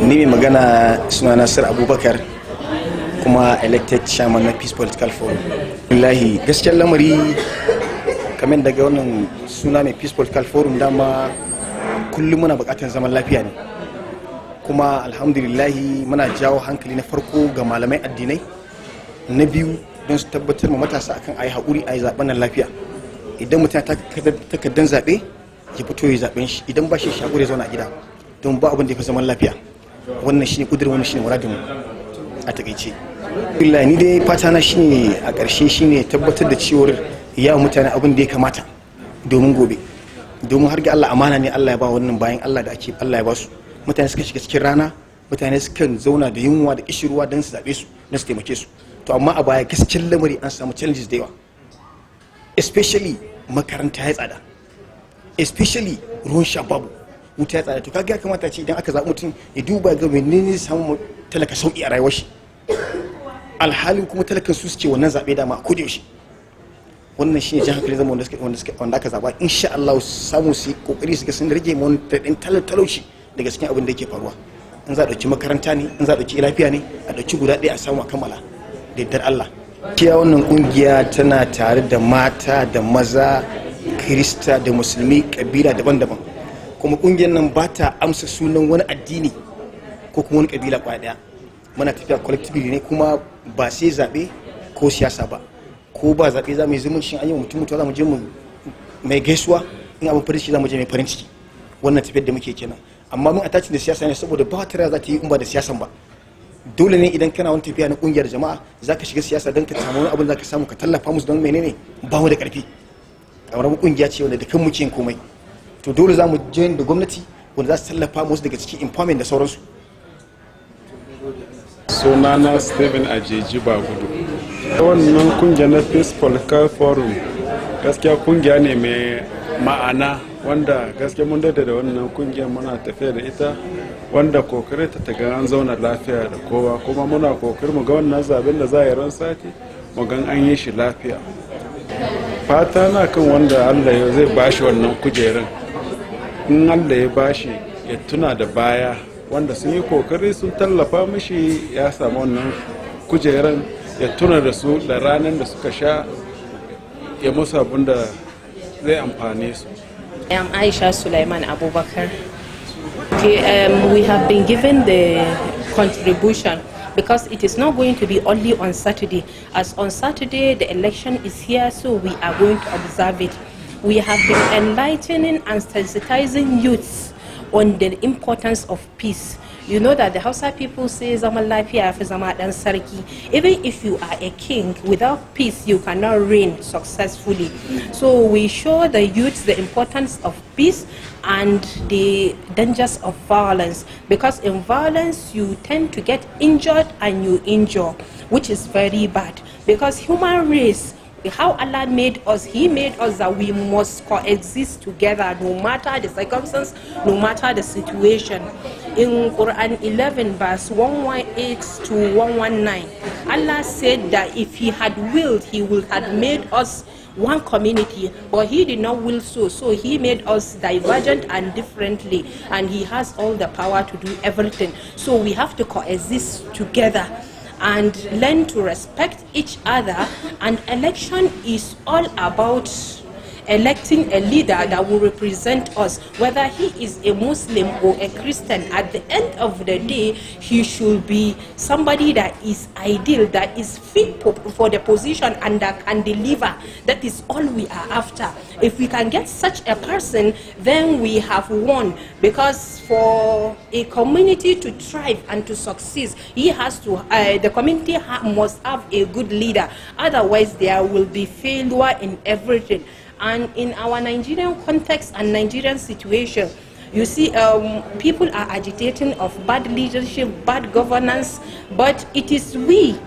ni mai magana suna nasir abubakar kuma elected chairman na peace political forum lahi gaskiyar lamari kamar daga wannan suna mai peace political forum dama kullum muna bukatar zaman lafiya ne kuma alhamdulillahi muna jawo hankali na farko ga malamai addinai na biyu don su tabbatar ma matasa akan a yi haƙuri a yi zaɓen nan lafiya idan mutum ya takardar zaɓe ya fito ya zaɓen shi idan ba shi haƙuri ya zauna a gida don ba abin da ya fi zaman lafiya wannan shine kudur wannan shine muradin a takaice billahi ni dai fata na shine a ƙarshe shine tabbatar da cewar ya mutane abin da ya kamata domin gobe domin har ga Allah amana ne Allah ya ba wannan bayan Allah da ake Allah ya ba su mutane suka shiga cikin rana mutane sukan zauna da yunwa da kishirwa don su zaɓe su don su taimake su to amma a baya gaskiyar lamari an samu challenges da yawa especially makaranta ya tsada especially ruwan shababu. babu wuta ya tsada to kaga ya kamata ce idan aka zaɓi mutum ya duba ga menene samun talaka sauƙi a rayuwar shi alhalin kuma talakan su suke wannan zaɓe dama ko da yaushe wannan shine jan hankali zama wanda suka wanda aka zaba insha Allah samu su kokari su ga sun rage mu dadin talauci daga cikin abin da yake faruwa in za a dauki makaranta ne in za a dauki lafiya ne a dauki guda ɗaya a samu a kammala da yardar Allah kiya wannan kungiya tana tare da mata da maza kirista da musulmi kabila daban-daban kuma kungiyar nan ba ta amsa sunan wani addini ko kuma wani kabila kwa daya muna tafiya collectively ne kuma ba sai zaɓe ko siyasa ba ko ba zaɓe za mu yi zumuncin an yi mutum mutuwa za mu je mu mai gaisuwa in abin farin ciki za mu je mai farin ciki wannan tafiyar da muke kenan amma mun attachin da siyasa ne saboda ba ta za ta yi in ba da siyasan ba dole ne idan kana wani tafiya na kungiyar jama'a za ka shiga siyasa don ka samu wani abin za ka samu ka tallafa musu don menene ba mu da karfi kamar mu kungiya ce wanda da kan muke komai to dole za mu je da gwamnati wanda za su tallafa musu daga cikin empowerment da sauransu sunana steven ajeji ba gudu wannan kungiya na peace political forum gaskiya kungiya ne mai ma'ana wanda gaskiya mun daidai da wannan kungiyar muna tafiya da ita wanda kokarin ta ta an zauna lafiya da kowa kuma muna kokarin mu ga wannan zaben da za a yi ran sati mu gan an yi shi lafiya fata na kan wanda allah zai bashi wannan kujerar. in allah ya bashi ya tuna da baya wanda sun yi kokari sun tallafa mishi ya samu wannan kujeran ya tuna da su da ranar da suka sha ya musu abin da zai amfane su I am Aisha Sulaiman Abubakar. um, we have been given the contribution because it is not going to be only on Saturday. As on Saturday, the election is here, so we are going to observe it. we have been enlightening and sensitizing youths on the importance of peace. You know that the Hausa people say Zama lafiya fi zama dan sarki. Even if you are a king, without peace you cannot reign successfully. So we show the youths the importance of peace and the dangers of violence because in violence you tend to get injured and you injure, which is very bad because human race how Allah made us, He made us that we must coexist together no matter the circumstance, no matter the situation. In Quran 11, verse 118 to 119, Allah said that if He had willed, He would have made us one community but he did not will so so he made us divergent and differently and he has all the power to do everything so we have to coexist together and learn to respect each other. And election is all about electing a leader that will represent us, whether he is a Muslim or a Christian. At the end of the day, he should be somebody that is ideal, that is fit for the position and that can deliver. That is all we are after. If we can get such a person, then we have won. Because for a community to thrive and to succeed, he has to, uh, the community ha must have a good leader. Otherwise, there will be failure in everything. And in our Nigerian context and Nigerian situation, you see, um, people are agitating of bad leadership, bad governance, but it is we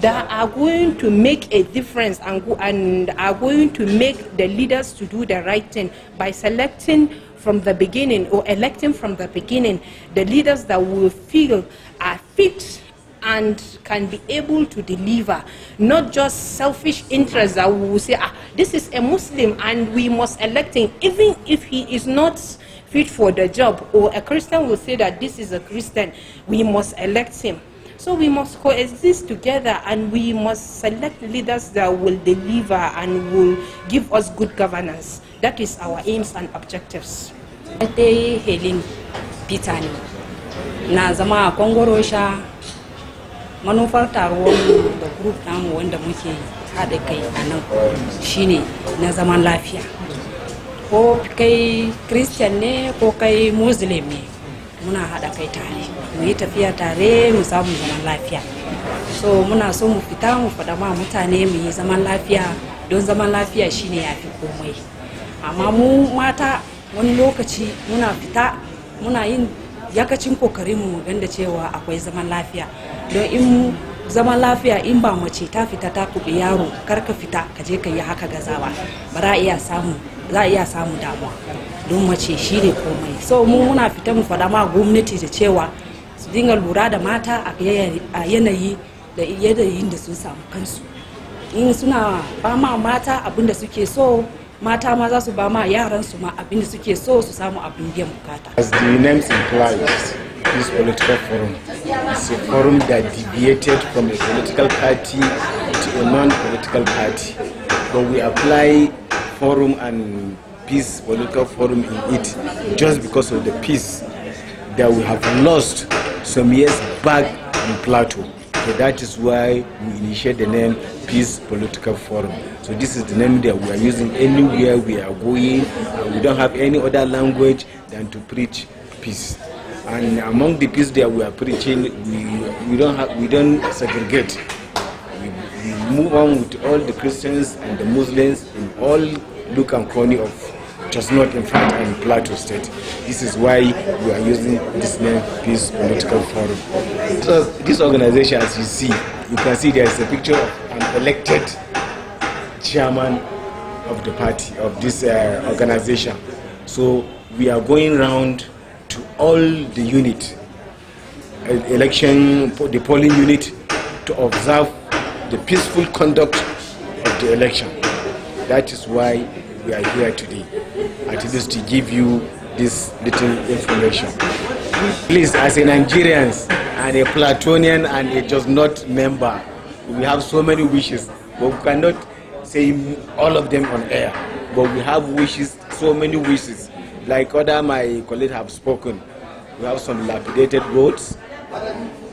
that are going to make a difference and, go, and are going to make the leaders to do the right thing by selecting from the beginning or electing from the beginning the leaders that will feel are fit and can be able to deliver, not just selfish interests that will say, ah, this is a Muslim and we must elect him, even if he is not fit for the job, or a Christian will say that this is a Christian, we must elect him. So we must coexist together and we must select leaders that will deliver and will give us good governance. That is our aims and objectives. Helen Peter na zama a Kwangorosha manufar taruwar da group namu wanda muke yi. haɗa kai a nan shine na zaman lafiya ko kai christian ne ko kai muslim ne muna haɗa kai tare mu yi tafiya tare mu samu zaman lafiya so muna so mu fita mu faɗa ma mutane mu yi zaman lafiya don zaman lafiya shine ya fi komai amma mu mata wani lokaci muna fita muna yin yakacin kokarin mu ganda cewa akwai zaman lafiya don in mu zaman lafiya in ba mace ta fita ta kuɓi yaro karka fita ka je ka yi haka gazawa ba za iya samu za iya samu damuwa don mace shi ne komai so mu muna fita mu faɗa ma gwamnati da cewa su dinga lura da mata a yanayi da yanayin da sun samu kansu in suna ba ma mata abin da suke so mata ma za su ba ma yaran su ma abin da suke so su samu abin biyan bukata as the implies this political forum It's a forum that deviated from a political party to a non-political party. But we apply forum and peace political forum in it just because of the peace that we have lost some years back in Plateau. So that is why we initiate the name Peace Political Forum. So this is the name that we are using anywhere we are going. We don't have any other language than to preach peace. And among the peace, that we are preaching, we, we don't have, we don't segregate. We, we move on with all the Christians and the Muslims in all look and corner of just not in fact in Plateau State. This is why we are using this name, Peace Political Forum. So this organization, as you see, you can see there is a picture of an elected chairman of the party, of this uh, organization. So we are going around to all the unit, uh, election, the polling unit, to observe the peaceful conduct of the election. That is why we are here today, at least to give you this little information. Please, as a Nigerian and a Platonian and a just not member, we have so many wishes, but we cannot say all of them on air. But we have wishes, so many wishes like other my colleagues have spoken, we have some lapidated roads,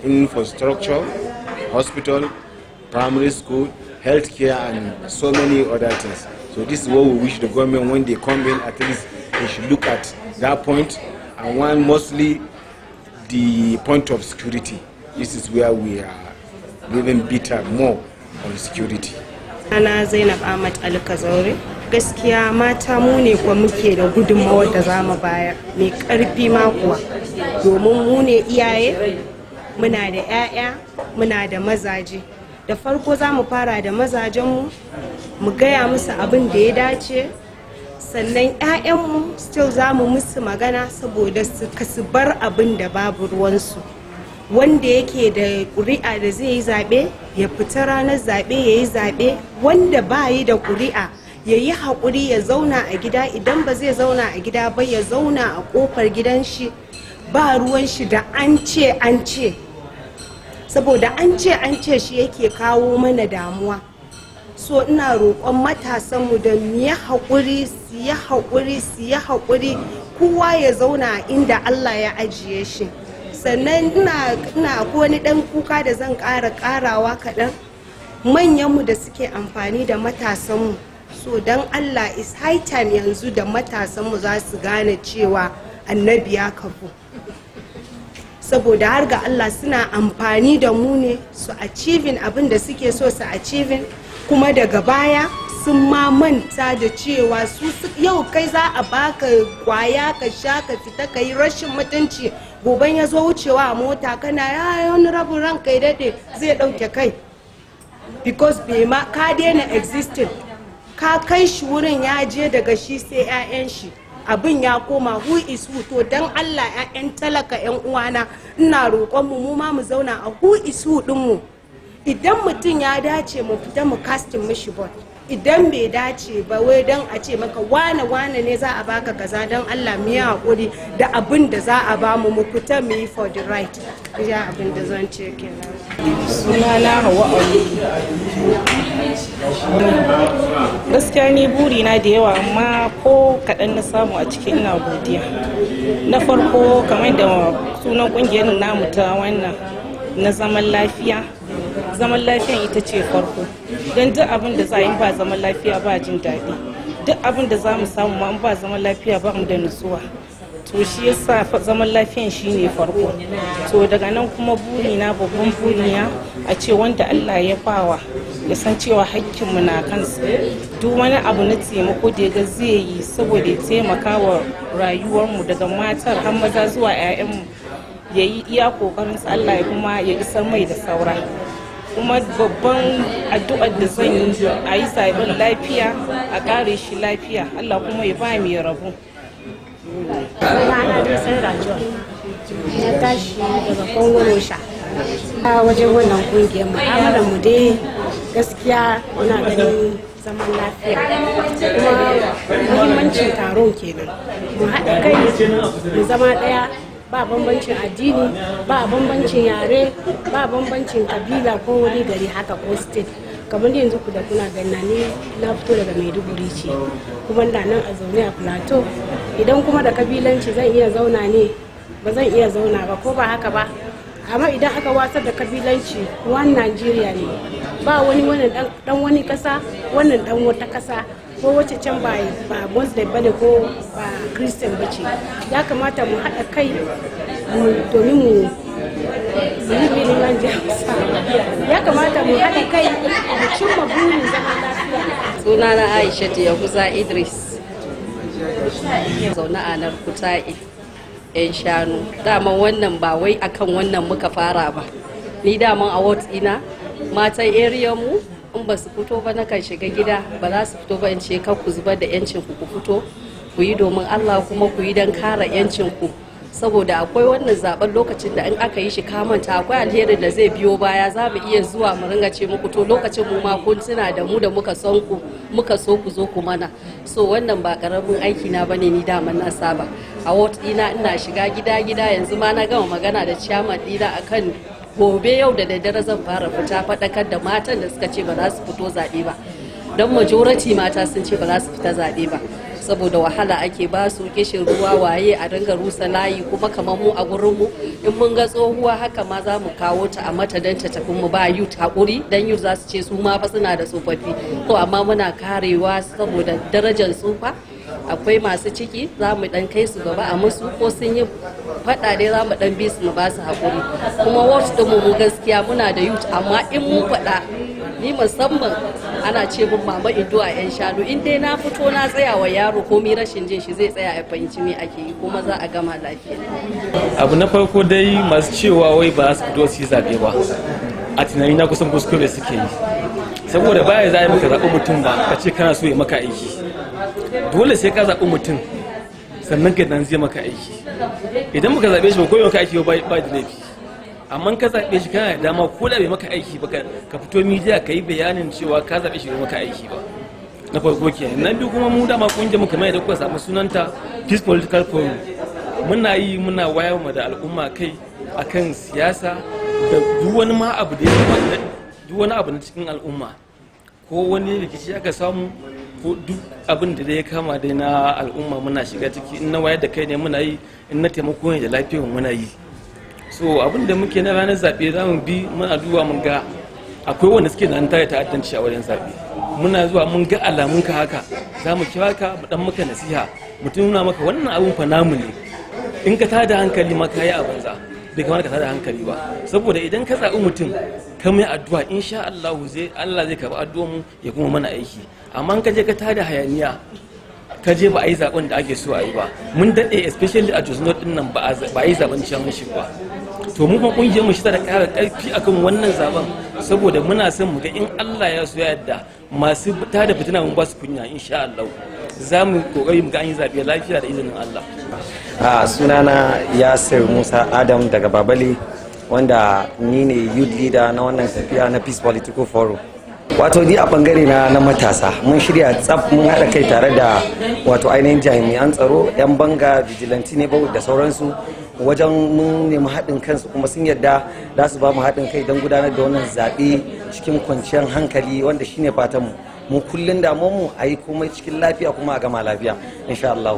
infrastructure, hospital, primary school, healthcare, and so many other things. So this is what we wish the government, when they come in, at least they should look at that point, and one mostly the point of security. This is where we are living better, more on security. Ana Zainab Ahmad Alukazori. gaskiya mata mu ne kuwa muke da gudunmawar da za mu bayar mai karfi ma kuwa domin mu ne iyaye muna da 'ya'ya muna da mazaje da farko za mu fara da mazajenmu mu gaya musu abin da ya dace sannan 'ya'yanmu still za mu musu magana saboda su kasu bar abin da babu ruwansu wanda yake da ƙuri'a da zai yi zaɓe ya fita ranar zaɓe ya yi zaɓe wanda ba yi da ƙuri'a ya yi haƙuri ya zauna a gida idan ba zai zauna a gida ba ya zauna a ƙofar gidan shi ba ruwan shi da an ce an ce saboda an ce an ce shi yake kawo mana damuwa so ina roƙon matasanmu da mu yi haƙuri su yi haƙuri su yi haƙuri kowa ya zauna a inda allah ya ajiye shi sannan ina ko wani ɗan kuka da zan ƙara ƙarawa kaɗan manyanmu da suke amfani da matasanmu so don allah is high time yanzu da matasanmu za su gane cewa annabi ya kafu saboda har ga allah suna amfani da mu ne su achieving abin da suke so su achieving kuma daga baya sun ma manta da cewa su yau kai za a baka kwaya ka sha ka fita ka yi rashin mutunci goban ya zo wucewa a mota kana ya wani rabin ranka ya daɗe zai ɗauke kai because bai ma ka daina existing ka kai shi wurin ya je daga shi sai 'ya'yan shi abin ya koma who is who to dan Allah 'ya'yan talaka 'yan uwana ina roƙon mu ma mu zauna a who is who din mu idan mutum ya dace mu fita mu casting mishi bot idan bai dace ba wai dan a ce maka wane wane ne za a baka kaza dan Allah mu yi hakuri da abin da za a bamu mu fita mu yi for the right ya abin da zan ce kenan sunana hawa gaskiya ni buri na da yawa amma ko kaɗan na samu a cikin ina godiya na farko kamar da sunan ƙungiyar namu ta wannan na zaman lafiya zaman lafiyan ita ce farko don duk abin da za yi ba zaman lafiya ba jin daɗi duk abin da za mu samu ma ba zaman lafiya ba mu da nutsuwa to shi yasa zaman lafiyan shi ne farko to daga nan kuma burina babban burina a ce wanda allah ya bawa ya san cewa hakkinmu na kansa duk wani abu na taimako da ga zai yi saboda ya taimaka wa rayuwarmu daga matar har maza zuwa 'ya'yanmu ya yi iya kokarin allah ya kuma ya isa mai da saura kuma babban addu'ar da zan yi a yi sabon lafiya a kare shi lafiya allah kuma ya ba mai rabu rana dai sai rajuwa na tashi daga kongo sha a wajen wannan kungiyar mu'amalar mu dai gaskiya muna ganin zaman lafiya kuma muhimmancin taron kenan mu haɗa kai mu zama ɗaya ba bambancin addini ba bambancin yare ba bambancin kabila ko wani gari haka ko state kamar yanzu ku da kuna ganna ne na fito daga maiduguri ce kuma na nan a zaune a plateau idan kuma da kabilanci zan iya zauna ne ba zan iya zauna ba ko ba haka ba amma idan aka watsar da kabilanci wani najeriya ne ba wani wani dan wani kasa wannan dan wata kasa ko wacce can ba ba muslim bane ko ba christian bace ya kamata mu haɗa kai domin mu yi biliman jamsa kamata mu haɗa kai da cimma burin zaman lafiya. Sunana Aisha Yahuza Idris. Zaune a Narkuta'i. 'yan shanu dama wannan ba wai akan wannan muka fara ba ni daman a ina matan area mu in ba su fito ba na kan shiga gida ba za su fito ba in ce kan ku zubar da 'yancin ku ku fito ku yi domin allah kuma ku yi don kare 'yancin ku saboda akwai wannan zaben lokacin da in aka yi shi kamanta akwai alherin da zai biyo baya za mu iya zuwa mu ringa ce muku to lokacin mu ma kun tuna da mu da muka son ku muka so ku zo ku mana so wannan ba karamin aiki na bane ni daman na saba a ward dina ina shiga gida gida yanzu ma na gama magana da chairman dina akan gobe yau da daddare zan fara fita faɗakar da matan da suka ce ba za su fito zaɓe ba don majority mata sun ce ba za su fita zaɓe ba saboda wahala ake ba su kishin ruwa waye a dinga rusa layi kuma kamar mu a gurin mu in mun ga tsohuwa haka ma za mu kawo ta a mata dan ta tafi mu ba youth hakuri dan yu za su ce su ma fa suna da tsofaffi to amma muna karewa saboda darajar tsufa akwai masu ciki za mu dan kai su gaba a musu ko sun yi faɗaɗe dai za mu dan bi su mu ba su haƙuri kuma wasu da mu gaskiya muna da yu amma in mun faɗa ni musamman ana ce min mama ido a yan shanu in dai na fito na tsaya wa yaro komi rashin jin shi zai tsaya a fahimci me ake yi kuma za a gama lafiya abu na farko dai masu cewa wai ba su fito su yi zaɓe ba a tunani na kusan kuskure suke yi saboda baya za maka zaɓi mutum ba ka ce kana so ya maka aiki dole sai ka zaɓi mutum sannan ka dan zai maka aiki idan muka zaɓe shi ba ko ka aiki ba ba da laifi amma ka zaɓe shi kana dama ko da bai maka aiki ba ka fito midiya ka yi bayanin cewa ka zaɓe shi bai maka aiki ba na farko ke na biyu kuma mu dama kungiyar mu kamar yadda kuka samu sunanta peace political forum muna yi muna wayar mu da al'umma kai akan siyasa da duk wani ma abu da ya duk wani abu na cikin al'umma ko wani rikici aka samu ko duk abin da ya kama dai na al'umma muna shiga ciki in na wayar da kai ne muna yi in na taimako ne da lafiyar muna yi so abin da muke na ranar zaɓe za mu bi muna duba mun ga akwai wanda suke da ta ta'addanci a wajen zaɓe muna zuwa mun ga alamun ka haka za mu kira ka mu dan maka nasiha mu nuna maka wannan abin fa namu ne in ka tada hankali ma kayi a banza bai kamar ka tada hankali ba saboda idan ka zaɓi mutum ka mai addu'a insha Allah zai Allah zai karɓi addu'ar mu ya kuma mana aiki amma in ka je ka tada hayaniya ka je ba a yi zaɓen da ake so a yi ba mun daɗe especially a Jos North din nan ba a yi zaben ciyaman shi ba to mu fa kungiyar mu shi da ƙara ƙarfi akan wannan zaben saboda muna son mu ga in Allah ya so yadda masu ta da fitina mun ba su kunya insha Allah za mu kokari mu ga an yi zabe lafiya da izinin Allah a sunana Yasir Musa Adam daga Babali wanda ni ne youth leader na wannan tafiya na Peace Political Forum wato ni a bangare na na matasa mun shirya tsaf mun haɗa kai tare da wato ainihin jami'an tsaro yan banga vigilanti ne da sauransu wajen mun nemi haɗin kansu kuma sun yadda za su ba mu haɗin kai don gudanar da wannan zaɓe cikin kwanciyar hankali wanda shine fatanmu mu kullum mu a yi komai cikin lafiya kuma a gama lafiya insha Allah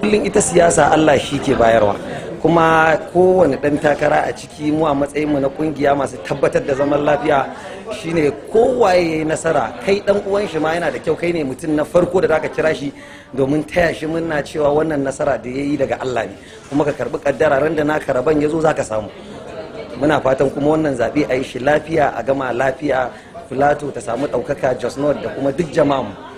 kullum ita siyasa Allah shi ke bayarwa kuma kowane ɗan takara a ciki mu a matsayinmu na kungiya masu tabbatar da zaman lafiya shine kowaye nasara kai ɗan uwan shi ma yana da kyau kai ne mutum na farko da zaka kira shi domin taya shi muna cewa wannan nasara da ya yi daga Allah ne kuma ka karbi kaddara ran da naka raban ya zo zaka samu muna fatan kuma wannan zaɓe a yi shi lafiya a gama lafiya filato ta samu ɗaukaka jos da kuma duk jama'a